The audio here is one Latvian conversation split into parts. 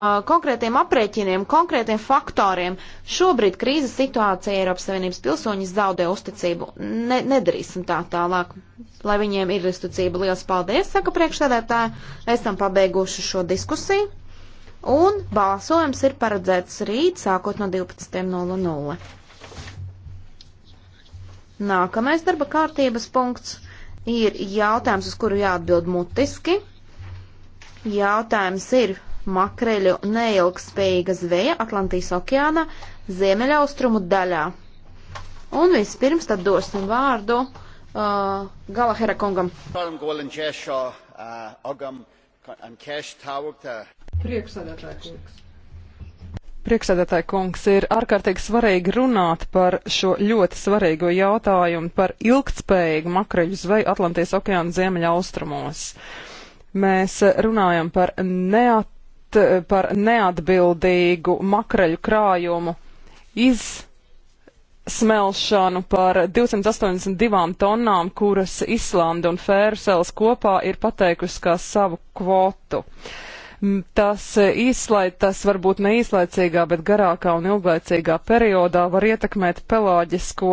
konkrētiem aprēķiniem, konkrētiem faktoriem. Šobrīd krīzes situācija Eiropas Savienības pilsoņus zaudē uzticību. Ne, nedarīsim tā tālāk, lai viņiem ir uzticība. Lielas paldies, saka priekšsēdētāja. Esam pabeiguši šo diskusiju. Un balsojums ir paredzēts rīt, sākot no 12.00. Nākamais darba kārtības punkts ir jautājums, uz kuru jāatbild mutiski. Jautājums ir makreļu neilgspējīga zveja Atlantijas okeāna ziemeļaustrumu daļā. Un vispirms tad dosim vārdu uh, Galahera kungam. Priekšsēdētāji kungs. Priekšsēdētāji kungs, ir ārkārtīgi svarīgi runāt par šo ļoti svarīgo jautājumu par ilgtspējīgu makreļu zveju Atlantijas okeāna ziemeļa austrumos. Mēs runājam par neat Eh, par neatbildīgu makreļu krājumu izsmelšanu par 282 tonnām, kuras Islanda un Fērsels kopā ir pateikusi kā savu kvotu. Tas īslaid, eh, tas varbūt neīslaicīgā, bet garākā un ilglaicīgā periodā var ietekmēt pelāģisko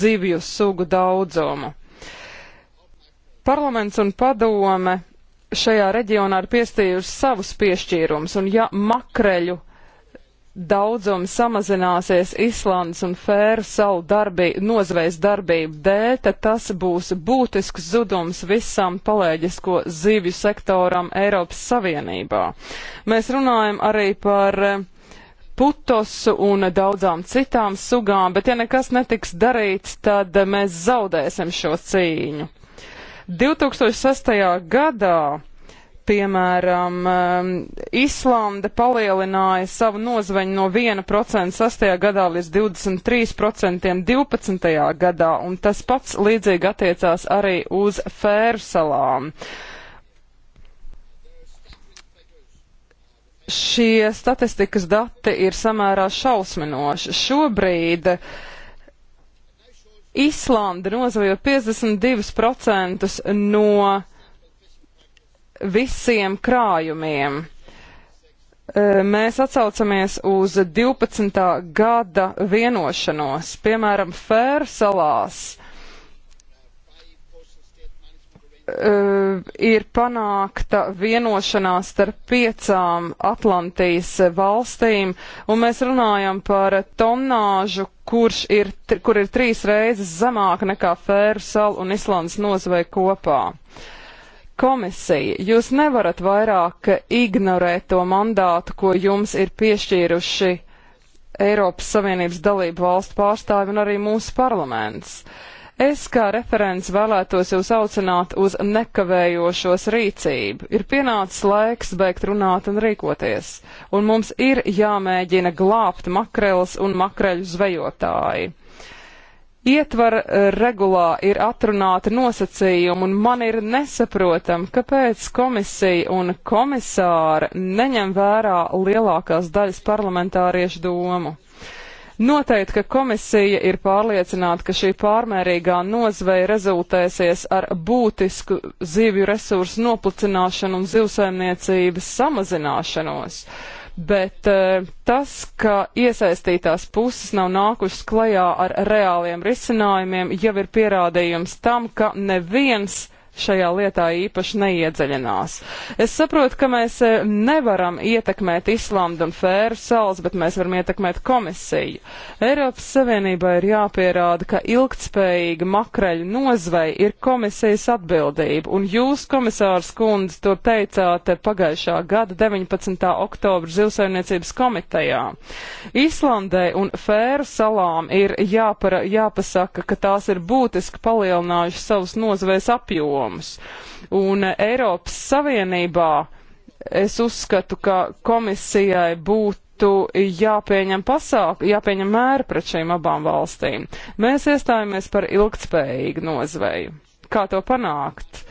zivju sugu daudzumu. Parlaments un padome šajā reģionā ir piestījusi savus piešķīrums, un ja makreļu daudzums samazināsies Islandes un Fēru salu darbību, nozvejas darbību dēļ, tad tas būs būtisks zudums visam palēģisko zivju sektoram Eiropas Savienībā. Mēs runājam arī par eh, putosu un daudzām citām sugām, bet ja nekas netiks darīts, tad eh, mēs zaudēsim šo cīņu. 2006. gadā, piemēram, um, Islanda palielināja savu nozveņu no 1% 6. gadā līdz 23% 12. gadā, un tas pats līdzīgi attiecās arī uz Fēru salām. Šie statistikas dati ir samērā šausminoši. Šobrīd uh, Islanda nozajo 52% no visiem krājumiem. E, mēs atsaucamies uz 12. gada vienošanos, piemēram, Fēru salās Eh, ir panākta vienošanās starp piecām Atlantijas valstīm, un mēs runājam par tonnāžu, kurš ir, kur ir trīs reizes zemāka nekā Fēru salu un Islandas nozvei kopā. Komisija, jūs nevarat vairāk ignorēt to mandātu, ko jums ir piešķīruši Eiropas Savienības dalību valstu pārstāvi un arī mūsu parlaments. Uh, Es kā referents vēlētos jūs aucināt uz nekavējošos rīcību. Ir pienācis laiks beigt runāt un rīkoties, un mums ir jāmēģina glābt makrels un makreļu zvejotāji. Ietvar eh, regulā ir atrunāti nosacījumi, un man ir nesaprotam, kāpēc komisija un komisāra neņem vērā lielākās daļas parlamentāriešu domu. Noteikti, ka komisija ir pārliecināta, ka šī pārmērīgā nozveja rezultēsies ar būtisku zivju resursu noplicināšanu un zivsaimniecības samazināšanos bet uh, tas, ka iesaistītās puses nav nākušas klajā ar reāliem risinājumiem, jau ir pierādījums tam, ka neviens šajā lietā īpaši neiedzeļinās. Es saprotu, ka mēs eh, nevaram ietekmēt Islandu un Fēru salas, bet mēs varam ietekmēt komisiju. Eiropas Savienībā ir jāpierāda, ka ilgtspējīga makreļu nozvei ir komisijas atbildība, un jūs, komisārs kundze, to teicāt pagājušā gada 19. oktobra zivsaimniecības komitejā. Islandai un Fēru salām ir jāpara, jāpasaka, ka tās ir būtiski palielinājušas savus nozvejas apjomu jomas. Un eh, Eiropas Savienībā es uzskatu, ka komisijai būtu būtu jāpieņem pasāk, jāpieņem mēri pret šīm abām valstīm. Mēs iestājāmies par ilgtspējīgu nozveju. Kā to panākt?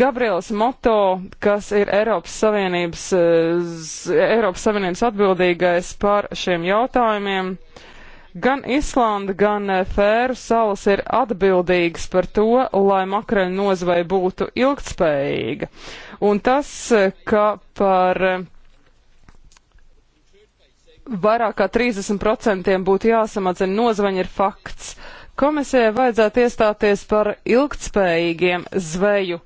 Gabriels Moto, kas ir Eiropas Savienības, eh, Eiropas Savienības atbildīgais par šiem jautājumiem, uh, Gan Islanda, gan eh, Fēru salas ir atbildīgas par to, lai makreļu nozvei būtu ilgtspējīga. Un tas, eh, ka par eh, vairāk kā 30% būtu jāsamazina nozveņa ir fakts. Komisijai vajadzētu iestāties par ilgtspējīgiem zveju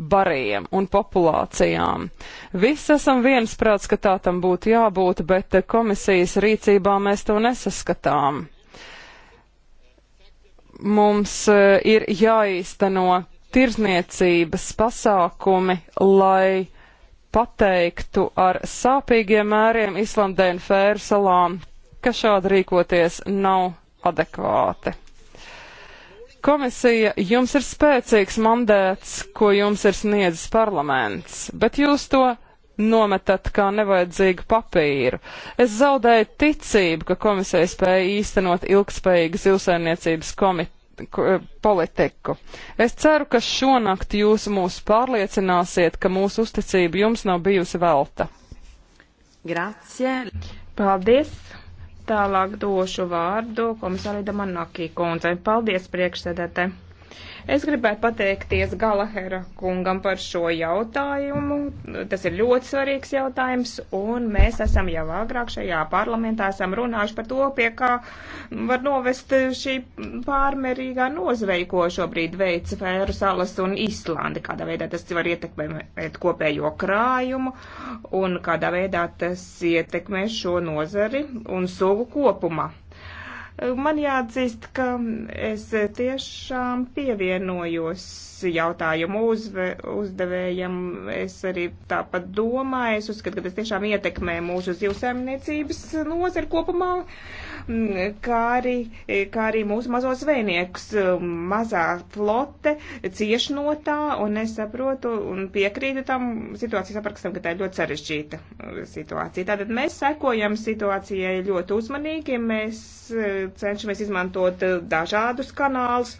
bariem un populācijām. Viss esam viensprāts, ka tā tam būtu jābūt, bet eh, komisijas rīcībā mēs to nesaskatām. Mums eh, ir jāīsteno tirzniecības pasākumi, lai pateiktu ar sāpīgiem mēriem Islandē un Fēru salām, ka šādi rīkoties nav adekvāti. Komisija, jums ir spēcīgs mandēts, ko jums ir sniedzis parlaments, bet jūs to nometat kā nevajadzīgu papīru. Es zaudēju ticību, ka komisija spēja īstenot ilgspējīgu zilsainiecības eh, politiku. Es ceru, ka šonakt jūs mūs pārliecināsiet, ka mūsu uzticība jums nav bijusi velta. Grazie. Paldies. Tālāk došu vārdu komisārai Damanakī kundzei. Paldies priekšsēdētē. Es gribētu pateikties Galahera kungam par šo jautājumu. Tas ir ļoti svarīgs jautājums, un mēs esam jau agrāk šajā parlamentā esam runājuši par to, pie kā var novest šī pārmērīgā nozvei, ko šobrīd veic Fēru salas un Islandi, kādā veidā tas var ietekmēt kopējo krājumu, un kādā veidā tas ietekmē šo nozari un sugu kopumā. Man jāatzīst, ka es tiešām pievienojos jautājumu uzve, uzdevējam. Es arī tāpat domāju, es uzskatu, ka tas tiešām ietekmē mūsu zivsaimniecības nozari kopumā, kā arī, kā arī mūsu mazos zvejniekus. Mazā flote cieš no tā, un es saprotu un piekrītu tam situācijas aprakstam, ka tā ir ļoti sarežģīta situācija. Tātad mēs sekojam situācijai ļoti uzmanīgi, mēs eh, cenšamies izmantot eh, dažādus kanālus.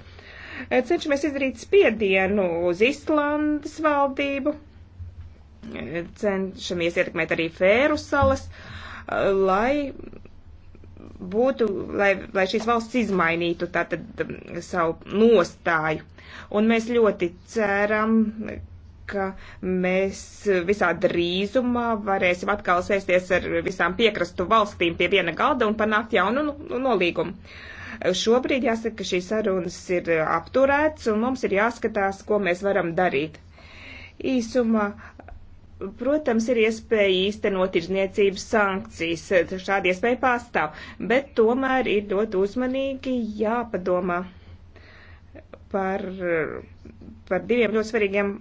Eh, cenšamies izdarīt spiedienu uz Islandes valdību, eh, cenšamies ietekmēt arī Fēru salas, eh, lai būtu, lai, lai šīs valsts izmainītu tātad mm, savu nostāju. Un mēs ļoti ceram, ka mēs visā drīzumā varēsim atkal sēsties ar visām piekrastu valstīm pie viena galda un panākt jaunu nolīgumu. No Šobrīd jāsaka, ka šīs sarunas ir eh, apturētas un mums ir jāskatās, ko mēs varam darīt. Īsumā, protams, ir iespēja īstenot tirzniecības sankcijas, šāda iespēja pastāv, bet tomēr ir ļoti uzmanīgi jāpadomā par, eh, par diviem ļoti svarīgiem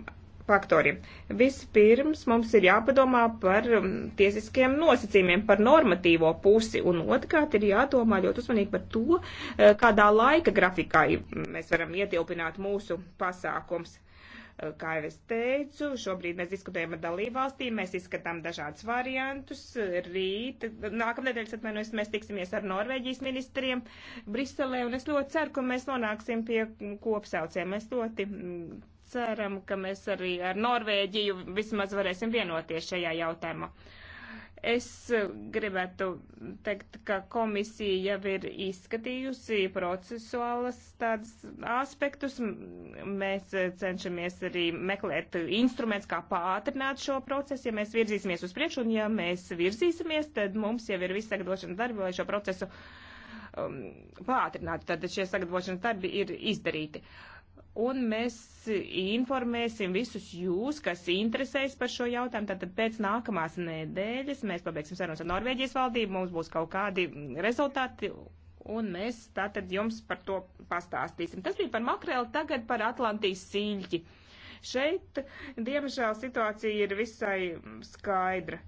faktoriem. Vispirms mums ir jāpadomā par um, tiesiskiem nosacījumiem, par normatīvo pusi, un otrkārt ir jādomā ļoti uzmanīgi par to, uh, kādā laika grafikā mēs varam ietilpināt mūsu pasākums. Uh, kā jau es teicu, šobrīd mēs diskutējam ar dalībvalstīm, mēs izskatām dažādus variantus. Rīt, nākamnedēļ, atvainojos, mēs tiksimies ar Norvēģijas ministriem Briselē, un es ļoti ceru, ka mēs nonāksim pie kopsaucēm. Es ļoti mm, ceram, ka mēs arī ar Norvēģiju vismaz varēsim vienoties šajā jautājumā. Es eh, gribētu teikt, ka komisija jau ir izskatījusi procesuālas tādas aspektus. Mēs eh, cenšamies arī meklēt instruments, kā pātrināt šo procesu. Ja mēs virzīsimies uz priekšu un ja mēs virzīsimies, tad mums jau ir viss sagatavošana darbi, lai šo procesu um, pātrinātu. Tad šie sagatavošanas darbi ir izdarīti. Uh, un mēs informēsim visus jūs, kas interesēs par šo jautājumu. Tātad pēc nākamās nedēļas mēs pabeigsim sarunas ar Norvēģijas valdību, mums būs kaut kādi rezultāti, un mēs tātad jums par to pastāstīsim. Tas bija par makreli, tagad par Atlantijas sīļķi. Šeit, diemžēl, situācija ir visai skaidra.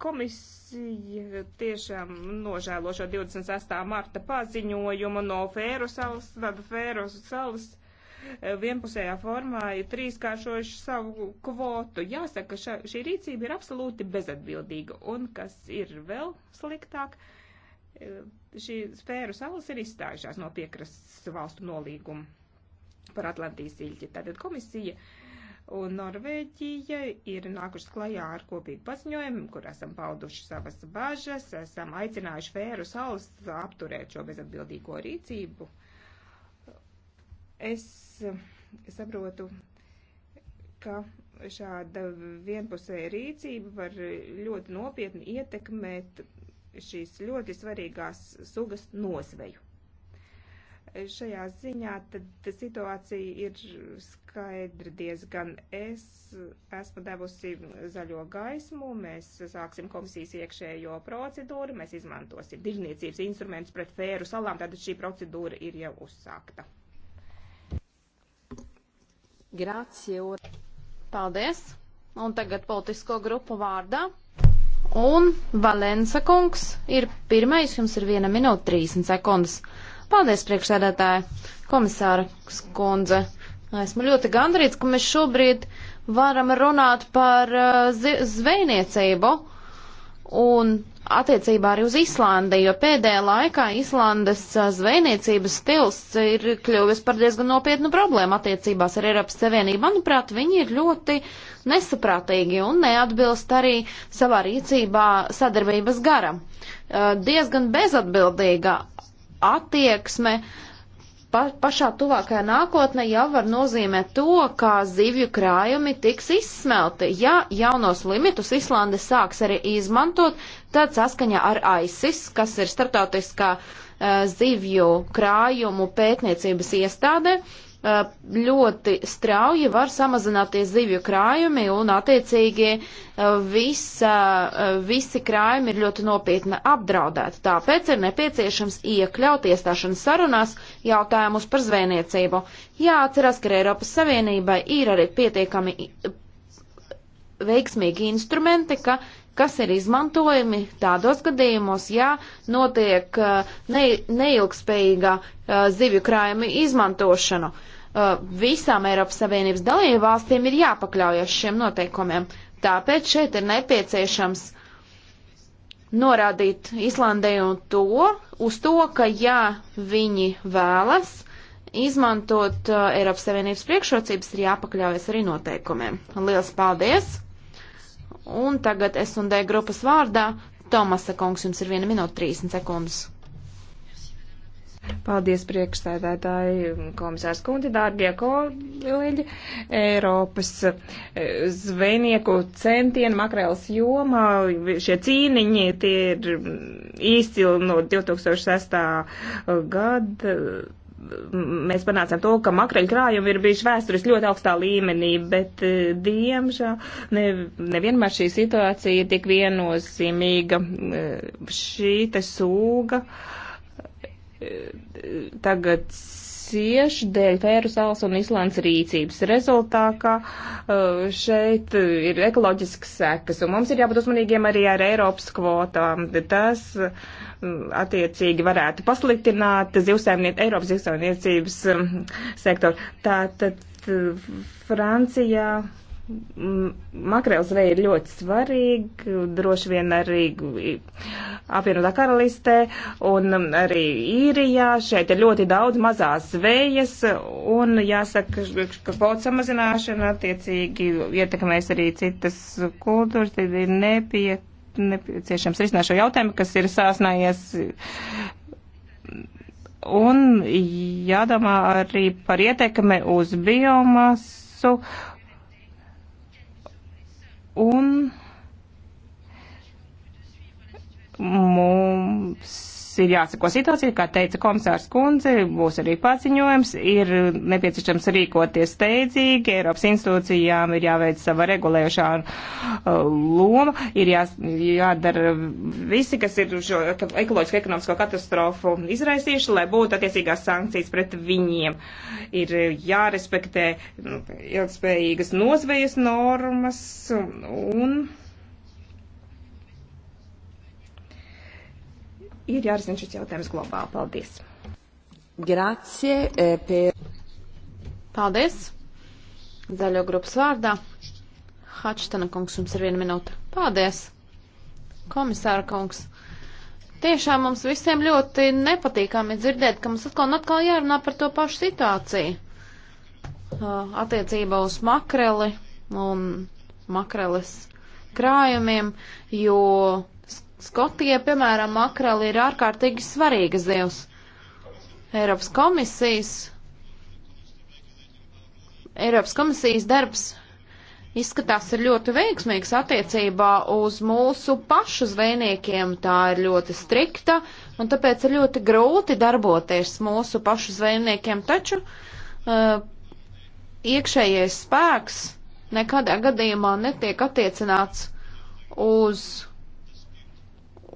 Komisija tiešām nožēlo šo 26. marta paziņojumu no Fēru salas, tad Fēru salas vienpusējā formā ir trīskāršojuši savu kvotu. Jāsaka, ka šā, šī rīcība ir absolūti bezatbildīga. Un kas ir vēl sliktāk, e, šī sfēru salas ir izstājušās no piekrastes valstu nolīguma par Atlantijas īļķi. Tātad komisija un Norvēģija ir nākušas klajā ar kopīgu paziņojumu, kur esam pauduši savas bažas, esam aicinājuši Fēru salas apturēt šo bezatbildīgo rīcību. Uh, Es saprotu, ka šāda vienpusēja rīcība var ļoti nopietni ietekmēt šīs ļoti svarīgās sugas nosveju. Šajā ziņā tad situācija ir skaidra diezgan. Es esmu devusi zaļo gaismu, mēs sāksim komisijas iekšējo procedūru, mēs izmantosim dižniecības instrumentus pret fēru salām, tātad šī procedūra ir jau uzsākta. Grācie. Paldies. Un tagad politisko grupu vārdā. Un Valensa kungs ir pirmais, jums ir viena minūte 30 sekundes. Paldies, priekšsēdētāji, komisāra skundze. Esmu ļoti gandrīts, ka mēs šobrīd varam runāt par eh, zvejniecību. Uh, un attiecībā arī uz Islandi, jo pēdējā laikā Islandes zvejniecības stils ir kļuvis par diezgan nopietnu problēmu attiecībās ar Eiropas Savienību. Manuprāt, viņi ir ļoti nesaprātīgi un neatbilst arī savā rīcībā sadarbības garam. Uh, diezgan bezatbildīga attieksme uh, pa, pašā tuvākajā nākotnē jau var nozīmēt to, kā zivju krājumi tiks izsmelti. Ja jaunos limitus Islande sāks arī izmantot, tad saskaņā ar ISIS, kas ir starptautiskā uh, zivju krājumu pētniecības iestāde, uh, Eh, ļoti strauji var samazināties zivju krājumi un attiecīgi eh, visa, eh, visi krājumi ir ļoti nopietni apdraudēti. Tāpēc ir nepieciešams iekļaut iestāšanas sarunās jautājumus par zvejniecību. Jāatcerās, ka Eiropas Savienībai ir arī pietiekami veiksmīgi instrumenti, ka uh, kas ir izmantojami tādos gadījumos, ja notiek uh, ne, neilgspējīgā uh, zivju krājuma izmantošana. Uh, visām Eiropas Savienības dalību valstīm ir jāpakļaujas šiem noteikumiem. Tāpēc šeit ir nepieciešams norādīt Islandē un to, uz to, ka ja viņi vēlas izmantot Eiropas Savienības priekšrocības, ir jāpakļaujas arī noteikumiem. Lielas paldies! Un tagad es un D grupas vārdā Tomasa kungs jums ir 1 minūte 30 sekundes. Paldies priekšstādātāji, komisārs kundi, dārgie kolēģi, Eiropas eh, zvejnieku centieni makrēlas jomā, šie cīniņi, tie ir īsti mm, no 2006. gada mēs panācām to, ka makreļu krājumi ir bijuši vēsturiski ļoti augstā līmenī, bet eh, diemžēl ne, nevienmēr šī situācija ir tik viennozīmīga. Eh, šī te sūga eh, tagad cieš dēļ Fēru salas un Islands rīcības rezultātā šeit ir ekoloģisks sekas, un mums ir jābūt uzmanīgiem arī ar Eiropas kvotām. Tas uh, Mm, attiecīgi varētu pasliktināt zivsaimniec, Eiropas zivsaimniecības mm, sektoru. Tātad mm, Francijā makrēlzveja ir ļoti svarīga, droši vien arī apvienotā karalistē un arī īrijā. Šeit ir ļoti daudz mazās zvejas un jāsaka, ka kvotu samazināšana attiecīgi ietekmēs arī citas kultūras, tad ir nepiet nepieciešams risināt šo jautājumu, kas ir sāsnājies. Un jādomā arī par ietekmi uz biomasu. Un mums ir jāsako situācija, kā teica komisārs Kundze, būs arī paziņojums, ir nepieciešams rīkoties steidzīgi, Eiropas institūcijām ir jāveic sava regulējošā uh, loma, ir jā, jādara visi, kas ir šo ekoloģisko ekonomisko katastrofu izraisījuši, lai būtu attiecīgās sankcijas pret viņiem. Ir jārespektē nu, ilgspējīgas nozvejas normas un. ir jārisina šis jautājums globāli. Paldies! Grazie! Eh, per... Paldies! Zaļo grupas vārdā. Hačtana kungs, jums ir viena minūte. Paldies! Komisāra kungs! Tiešām mums visiem ļoti nepatīkami dzirdēt, ka mums atkal un atkal jārunā par to pašu situāciju. Uh, attiecībā uz makreli un makreles krājumiem, jo Skotijai, piemēram, makreli ir ārkārtīgi svarīga zivs. Eiropas komisijas, Eiropas komisijas darbs izskatās ir ļoti veiksmīgs attiecībā uz mūsu pašu zvejniekiem. Tā ir ļoti strikta un tāpēc ir ļoti grūti darboties mūsu pašu zvejniekiem, taču uh, iekšējais spēks nekadā gadījumā netiek attiecināts uz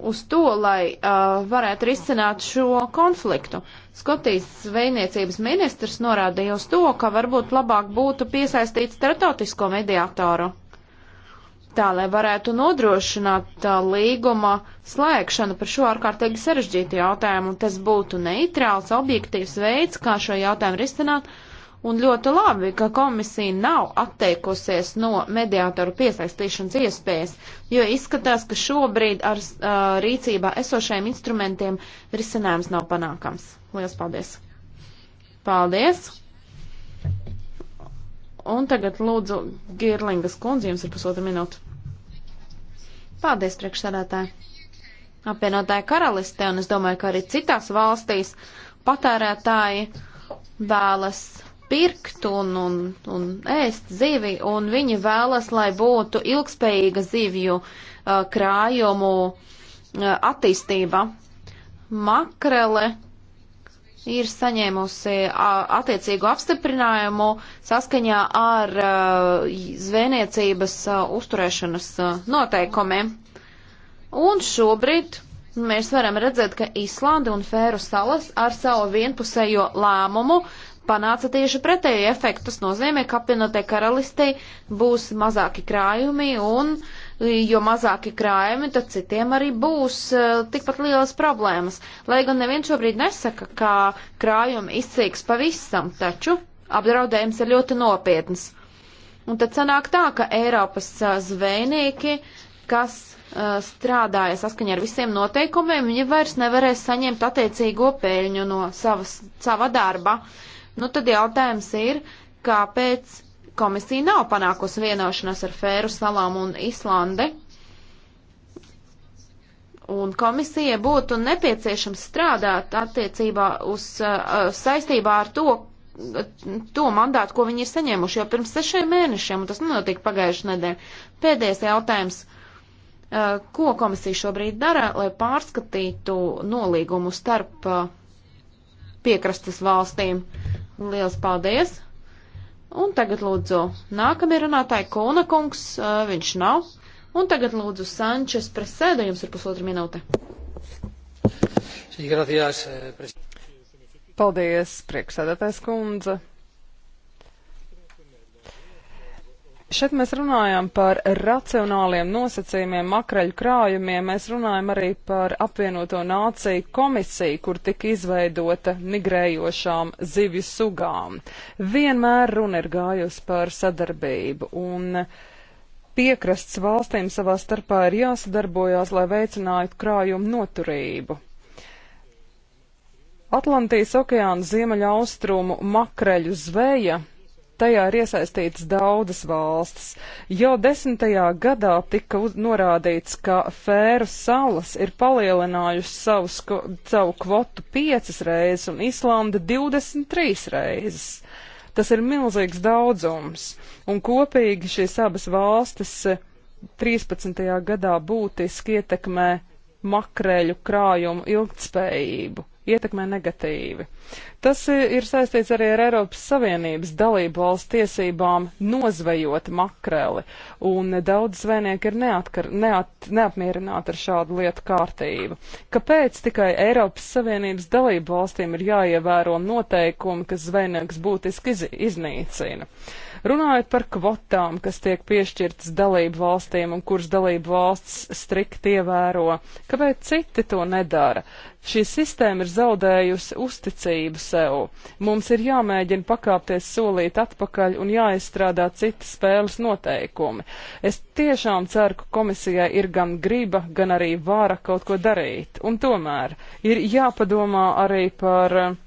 uz to, lai uh, varētu risināt šo konfliktu. Skotijas zvejniecības ministrs norādīja uz to, ka varbūt labāk būtu piesaistīt startautisko mediātoru. Tā, lai varētu nodrošināt uh, līguma slēgšanu par šo ārkārtīgi sarežģītu jautājumu, tas būtu neitrāls, objektīvs veids, kā šo jautājumu risināt, uh, Un ļoti labi, ka komisija nav atteikusies no mediātoru piesaistīšanas iespējas, jo izskatās, ka šobrīd ar uh, rīcībā esošajiem instrumentiem risinājums nav panākams. Lielas paldies! Paldies! Un tagad lūdzu Girlingas kundzi, jums ir pusotra minūte. Paldies, priekšsēdētāji! apvienotāja karalistē, un es domāju, ka arī citās valstīs patērētāji vēlas pirkt un, un, un ēst zivi, un viņi vēlas, lai būtu ilgspējīga zivju uh, krājumu uh, attīstība. Makrele ir saņēmusi attiecīgu apstiprinājumu saskaņā ar uh, zvejniecības uh, uzturēšanas uh, noteikumiem. Un šobrīd mēs varam redzēt, ka Islanda un Fēru salas ar savu vienpusējo lēmumu panāca tieši pretēju efektu. Tas nozīmē, ka apvienotē karalistē būs mazāki krājumi un, jo mazāki krājumi, tad citiem arī būs uh, tikpat lielas problēmas. Lai gan neviens šobrīd nesaka, ka krājumi izcīks pavisam, taču apdraudējums ir ļoti nopietns. Un tad sanāk tā, ka Eiropas uh, zvejnieki, kas uh, strādāja saskaņā ar visiem noteikumiem, viņi vairs nevarēs saņemt attiecīgo pēļņu no savas, sava darba. Uh, Nu, tad jautājums ir, kāpēc komisija nav panākusi vienošanos ar Fēru salām un Islandi? Un komisija būtu nepieciešams strādāt attiecībā uz uh, saistībā ar to, to mandātu, ko viņi ir saņēmuši jau pirms sešiem mēnešiem, un tas nenotika pagājušajā nedēļā. Pēdējais jautājums. Uh, ko komisija šobrīd dara, lai pārskatītu nolīgumu starp uh, piekrastes valstīm? Uh, Liels paldies! Un tagad lūdzu nākamie runātāji Kona kungs, uh, viņš nav. Un tagad lūdzu Sančes presēda, jums ir pusotra minūte. Eh, paldies, priekšsēdētājs kundze. Šeit mēs runājam par racionāliem nosacījumiem, makreļu krājumiem. Mēs runājam arī par apvienoto nāciju komisiju, kur tika izveidota migrējošām zivju sugām. Vienmēr runa ir gājusi par sadarbību, un piekrasts valstīm savā starpā ir jāsadarbojās, lai veicinātu krājumu noturību. Atlantijas okeāna ziemeļaustrumu makreļu zveja tajā ir iesaistītas daudzas valstis. Jau desmitajā gadā tika uz, norādīts, ka Fēru salas ir palielinājusi savus, savu kvotu piecas reizes un Islanda 23 reizes. Tas ir milzīgs daudzums, un kopīgi šīs abas valstis 13. Eh, gadā būtiski ietekmē makrēļu krājumu ilgtspējību ietekmē negatīvi. Tas ir saistīts arī ar Eiropas Savienības dalību valsts tiesībām nozvejot makreli, un daudz zvejnieki ir neatkar, neat, neapmierināti ar šādu lietu kārtību. Kāpēc tikai Eiropas Savienības dalību valstīm ir jāievēro noteikumi, kas zvejnieks būtiski iz, iznīcina? Uh, Runājot par kvotām, kas tiek piešķirtas dalību valstīm un kuras dalību valsts strikti ievēro, kāpēc citi to nedara? Šī sistēma ir zaudējusi uzticību sev. Mums ir jāmēģina pakāpties solīt atpakaļ un jāizstrādā citi spēles noteikumi. Es tiešām ceru, ka komisijai ir gan griba, gan arī vāra kaut ko darīt. Un tomēr ir jāpadomā arī par uh,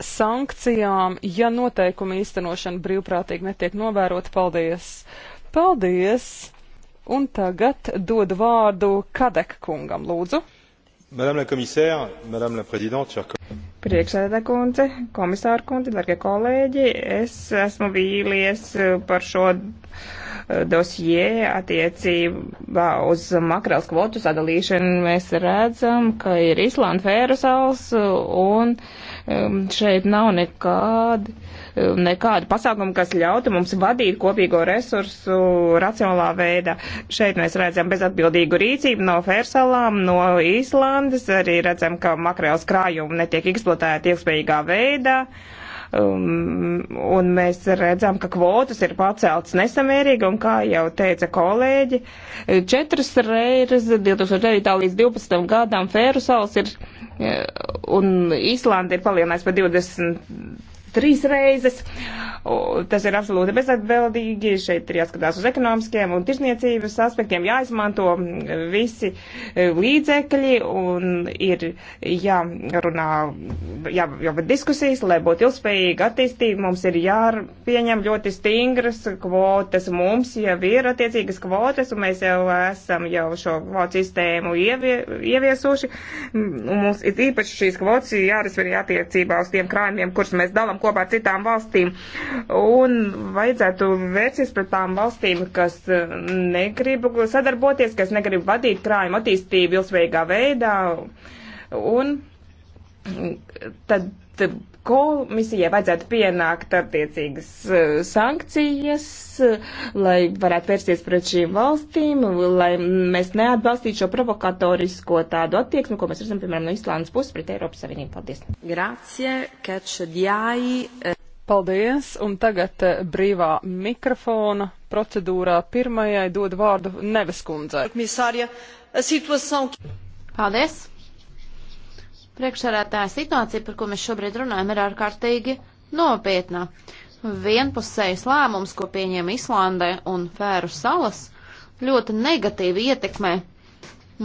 sankcijām, ja noteikumi īstenošana brīvprātīgi netiek novērota. Paldies! Paldies! Un tagad dodu vārdu Kadek kungam, lūdzu. Madame la commissaire, madame la présidente, chers Priekšsēdā kundze, komisāra kundze, darbie kolēģi, es esmu vīlies par šo eh, dosie attiecībā uz makrels kvotu sadalīšanu. Mēs redzam, ka ir Islanda Fērasals un um, šeit nav nekādi, um, nekādi pasākumi, kas ļautu mums vadīt kopīgo resursu racionālā veidā. Šeit mēs redzam bezatbildīgu rīcību no Fērsalām, no Īslandes, arī redzam, ka makrels krājumi netiek tiek eksploatēti ilgspējīgā veidā. Um, un mēs redzam, ka kvotas ir paceltas nesamērīgi, un kā jau teica kolēģi, četras reizes 2009. līdz 2012. gadam Fēru salas ir, eh, un Īslanda ir palielinājusi par 20 trīs reizes. Tas ir absolūti bezatbildīgi. Šeit ir jāskatās uz ekonomiskiem un tirzniecības aspektiem, jāizmanto visi e, līdzekļi un ir jārunā, jāved diskusijas, lai būtu ilgspējīga attīstība. Mums ir jāpieņem ļoti stingras kvotas. Mums jau ir attiecīgas kvotas un mēs jau esam jau šo kvotu sistēmu ievie, ieviesuši. Mums ir īpaši šīs kvotas jārisver attiecībā uz tiem krājumiem, kurus mēs dalam kopā ar citām valstīm. Un vajadzētu vērsties pret tām valstīm, kas eh, negrib sadarboties, kas negrib vadīt krājumu attīstību ilgsveigā veidā. Un tad komisijai vajadzētu pienākt attiecīgas eh, sankcijas, eh, lai varētu vērsties pret šīm valstīm, lai mēs neatbalstītu šo provokatorisko tādu attieksmi, ko mēs redzam, piemēram, no Islandas puses pret Eiropas Savienību. Paldies! Grācie, catch diai. Paldies, un tagad eh, brīvā mikrofona procedūrā pirmajai dod vārdu Neves kundzei. Paldies! Priekšsarētāja situācija, par ko mēs šobrīd runājam, ir ārkārtīgi nopietna. Vienpusējs lēmums, ko pieņēma Islandē un Fēru salas, ļoti negatīvi ietekmē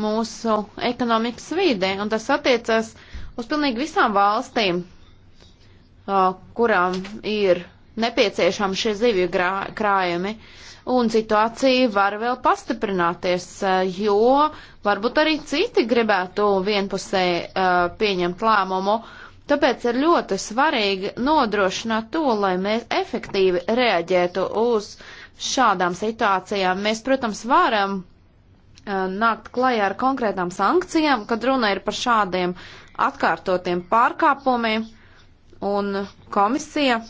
mūsu ekonomikas vīdē, un tas attiecas uz pilnīgi visām valstīm, uh, kurām ir nepieciešami šie zivju krājumi. Uh, un situācija var vēl pastiprināties, eh, jo varbūt arī citi gribētu vienpusē eh, pieņemt lēmumu. Tāpēc ir ļoti svarīgi nodrošināt to, lai mēs efektīvi reaģētu uz šādām situācijām. Mēs, protams, varam eh, nākt klajā ar konkrētām sankcijām, kad runa ir par šādiem atkārtotiem pārkāpumiem, un komisija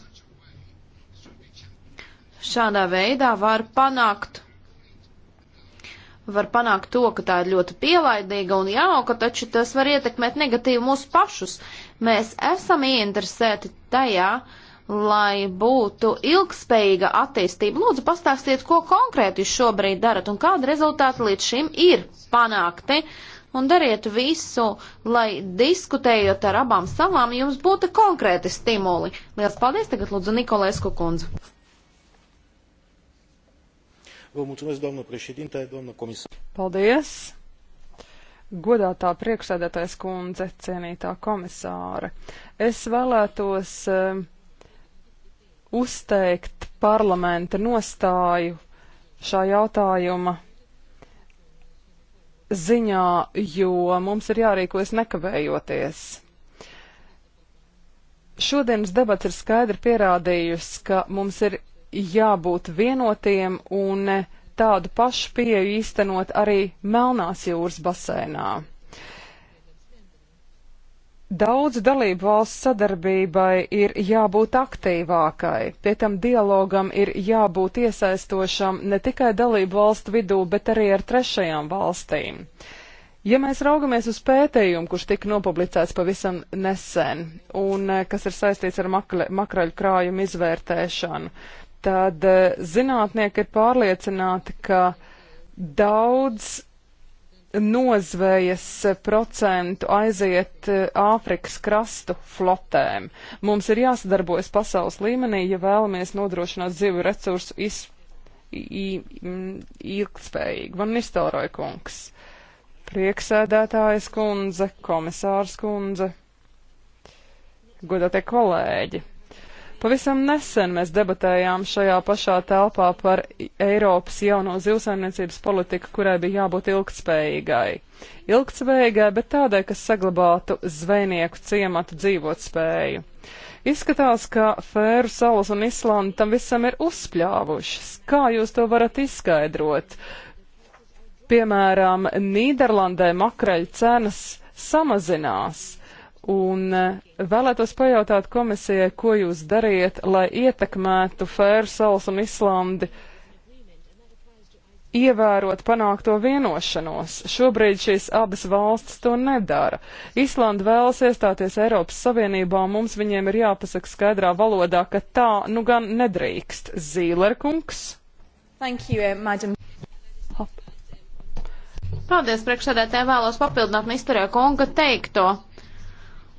Šādā veidā var panākt, var panākt to, ka tā ir ļoti pielaidīga un jauka, taču tas var ietekmēt negatīvi mūsu pašus. Mēs esam ieinteresēti tajā, lai būtu ilgspējīga attīstība. Lūdzu, pastāstiet, ko konkrēti jūs šobrīd darat un kādi rezultāti līdz šim ir panākti. Un dariet visu, lai diskutējot ar abām salām, jums būtu konkrēti stimuli. Lielas paldies tagad, lūdzu, Nikolēsku kundzu. Vă mulțumesc, doamnă președinte, doamnă comisar. Paldies! Godātā priekšsēdētājs kundze, cienītā komisāre, es vēlētos uh, uzteikt parlamenta nostāju šā jautājuma ziņā, jo mums ir jārīkojas nekavējoties. Šodienas debats ir skaidri pierādījusi, ka mums ir jābūt vienotiem un tādu pašu pieeju īstenot arī Melnās jūras basēnā. Daudzu dalību valsts sadarbībai ir jābūt aktīvākai, pie tam dialogam ir jābūt iesaistošam ne tikai dalību valstu vidū, bet arī ar trešajām valstīm. Ja mēs raugamies uz pētījumu, kurš tika nopublicēts pavisam nesen, un eh, kas ir saistīts ar makle, makraļu krājumu izvērtēšanu, tad eh, zinātnieki ir pārliecināti, ka daudz nozvejas eh, procentu aiziet eh, Āfrikas krastu flotēm. Mums ir jāsadarbojas pasaules līmenī, ja vēlamies nodrošināt zivu resursu ilgspējīgi. Man iztēloja kungs. Prieksēdētājas kundze, komisārs kundze, godātie kolēģi. Pavisam nesen mēs debatējām šajā pašā telpā par Eiropas jauno zivsaimniecības politiku, kurai bija jābūt ilgtspējīgai. Ilgtspējīgai, bet tādai, kas saglabātu zvejnieku ciematu dzīvotspēju. Izskatās, ka Fēru salas un Islanda tam visam ir uzspļāvušas. Kā jūs to varat izskaidrot? Piemēram, Nīderlandē makreļu cenas samazinās Un eh, vēlētos pajautāt komisijai, ko jūs dariet, lai ietekmētu Fērsalas un Islandi ievērot panākto vienošanos. Šobrīd šīs abas valstis to nedara. Islanda vēlas iestāties Eiropas Savienībā, un mums viņiem ir jāpasaka skaidrā valodā, ka tā nu gan nedrīkst. Zīlerkungs. Thank you, eh, madam. Hop. Paldies, priekšsēdētāji, vēlos papildināt Misterē kunga teikto.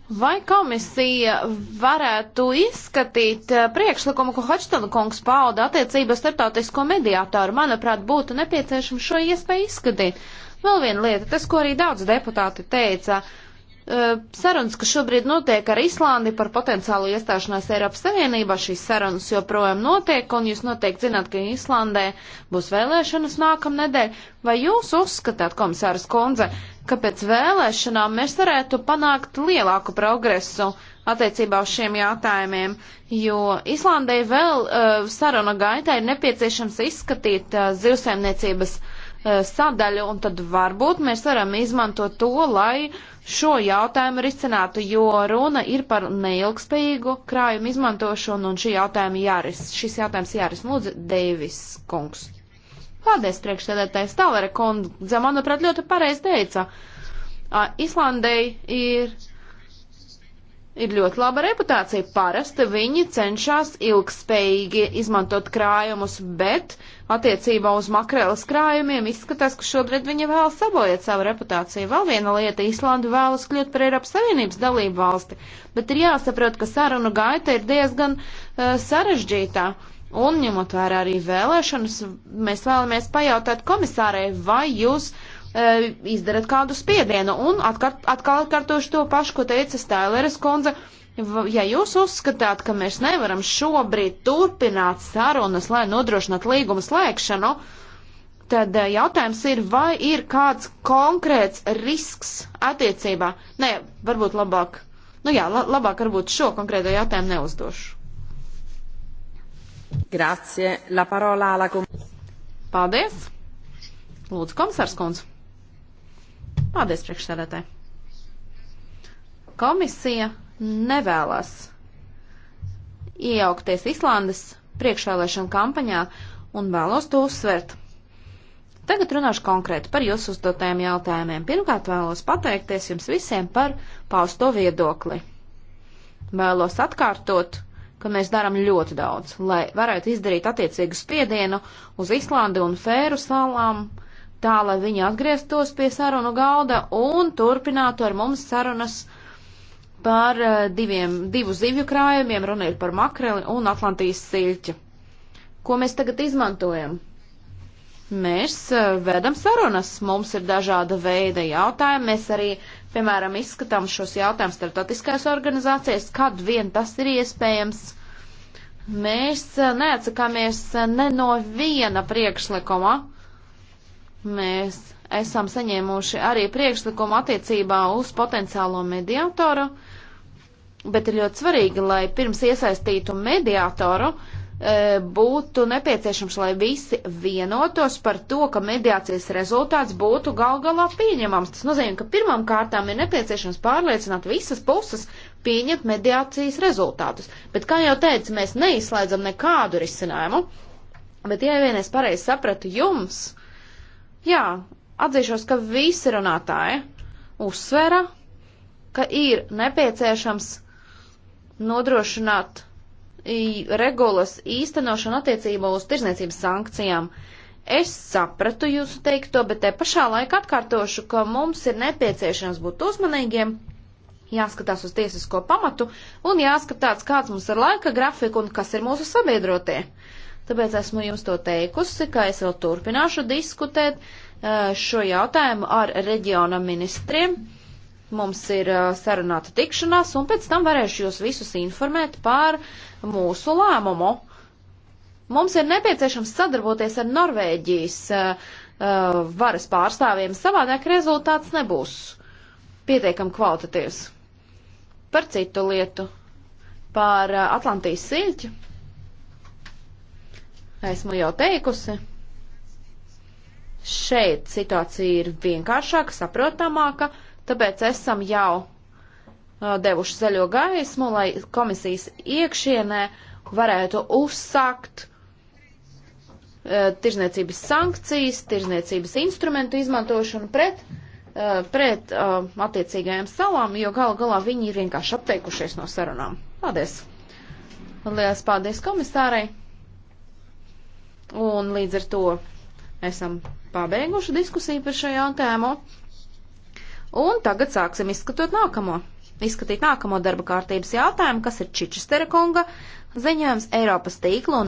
Vai komisija varētu izskatīt eh, priekšlikumu, ko Hočtona kungs pauda attiecībā starptautisko mediātoru? Manuprāt, būtu nepieciešams šo iespēju izskatīt. Vēl viena lieta, tas, ko arī daudz deputāti teica, eh, sarunas, kas šobrīd notiek ar Islandi par potenciālu iestāšanās Eiropas Savienībā, šīs sarunas joprojām notiek, un jūs noteikti zināt, ka Islandē būs vēlēšanas nākamnedēļ. Vai jūs uzskatāt, komisārs Konze, ka pēc vēlēšanām mēs varētu panākt lielāku progresu attiecībā uz šiem jautājumiem, jo Islandai vēl uh, saruna gaitā ir nepieciešams izskatīt uh, eh, zivsēmniecības uh, eh, sadaļu, un tad varbūt mēs varam izmantot to, lai šo jautājumu risinātu, jo runa ir par neilgspējīgu krājumu izmantošanu, un šī jautājuma jāris, šis jautājums jāris lūdzu Deivis kungs. Paldies, priekšsēdētājs Talera kundze, manuprāt, ļoti pareizi teica. Islandei ir, ir ļoti laba reputācija. Parasti viņi cenšas ilgspējīgi izmantot krājumus, bet attiecībā uz makrelas krājumiem izskatās, ka šobrīd viņi vēl sabojāt savu reputāciju. Vēl viena lieta - Islanda vēlas kļūt par Eiropas Savienības dalību valsti, bet ir jāsaprot, ka sarunu gaita ir diezgan uh, sarežģītā. Uh, Un ņemot vērā arī vēlēšanas, mēs vēlamies pajautāt komisārai, vai jūs e, izdarat kādu spiedienu. Un atkart, atkal atkārtošu to pašu, ko teica Stēleres kundze. Ja jūs uzskatāt, ka mēs nevaram šobrīd turpināt sarunas, lai nodrošinātu līguma slēgšanu, tad e, jautājums ir, vai ir kāds konkrēts risks attiecībā. Nē, varbūt labāk. Nu jā, labāk varbūt šo konkrēto jautājumu neuzdošu. Grazie. La parola alla Paldies. Lūdzu, komisārs kundz. Paldies, priekšsēdētāji. Komisija nevēlas iejaukties Islandes priekšvēlēšana kampaņā un vēlos to uzsvert. Tagad runāšu konkrēti par jūsu uzdotajiem jautājumiem. Pirmkārt, vēlos pateikties jums visiem par pausto viedokli. Vēlos atkārtot ka mēs darām ļoti daudz, lai varētu izdarīt attiecīgu spiedienu uz Islandi un Fēru salām, tā lai viņi atgrieztos pie sarunu galda un turpinātu ar mums sarunas par eh, diviem, divu zivju krājumiem, runa ir par makreli un Atlantijas silķi. Ko mēs tagad izmantojam? Mēs eh, vedam sarunas, mums ir dažāda veida jautājumi, mēs arī, piemēram, izskatām šos jautājumus starptautiskās organizācijas, kad vien tas ir iespējams. Mēs eh, neatsakāmies eh, ne no viena priekšlikuma. Mēs esam saņēmuši arī priekšlikumu attiecībā uz potenciālo mediātoru, bet ir ļoti svarīgi, lai pirms iesaistītu mediātoru, uh, E, būtu nepieciešams, lai visi vienotos par to, ka mediācijas rezultāts būtu gal galā pieņemams. Tas nozīmē, ka pirmām kārtām ir nepieciešams pārliecināt visas puses pieņemt mediācijas rezultātus. Bet, kā jau teicu, mēs neizslēdzam nekādu risinājumu. Bet, ja vien es pareizi sapratu jums, jā, atzīšos, ka visi runātāji uzsvera, ka ir nepieciešams nodrošināt regulas īstenošanu attiecībā uz tirzniecības sankcijām. Es sapratu jūsu teikto, bet te pašā laikā atkārtošu, ka mums ir nepieciešams būt uzmanīgiem, jāskatās uz tiesisko pamatu un jāskatās, kāds mums ir laika grafika un kas ir mūsu sabiedrotie. Tāpēc esmu jums to teikusi, ka es vēl turpināšu diskutēt eh, šo jautājumu ar reģiona ministriem Mums ir uh, sarunāta tikšanās, un pēc tam varēšu jūs visus informēt par mūsu lēmumu. Mums ir nepieciešams sadarboties ar Norvēģijas uh, uh varas pārstāvjiem, savādāk rezultāts nebūs pietiekam kvalitatīvs. Par citu lietu, par uh, Atlantijas silķi, esmu jau teikusi šeit situācija ir vienkāršāka, saprotamāka, Tāpēc esam jau uh, devuši zaļo gaismu, lai komisijas iekšienē varētu uzsākt uh, tirzniecības sankcijas, tirzniecības instrumentu izmantošanu pret, uh, pret uh, attiecīgajām salām, jo gal galā viņi ir vienkārši apteikušies no sarunām. Paldies! Lielas paldies komisārai! Un līdz ar to esam pabeiguši diskusiju par šo jautājumu. Un tagad sāksim izskatot nākamo. Izskatīt nākamo darba kārtības jautājumu, kas ir Čičistera kunga ziņojums Eiropas tīkla un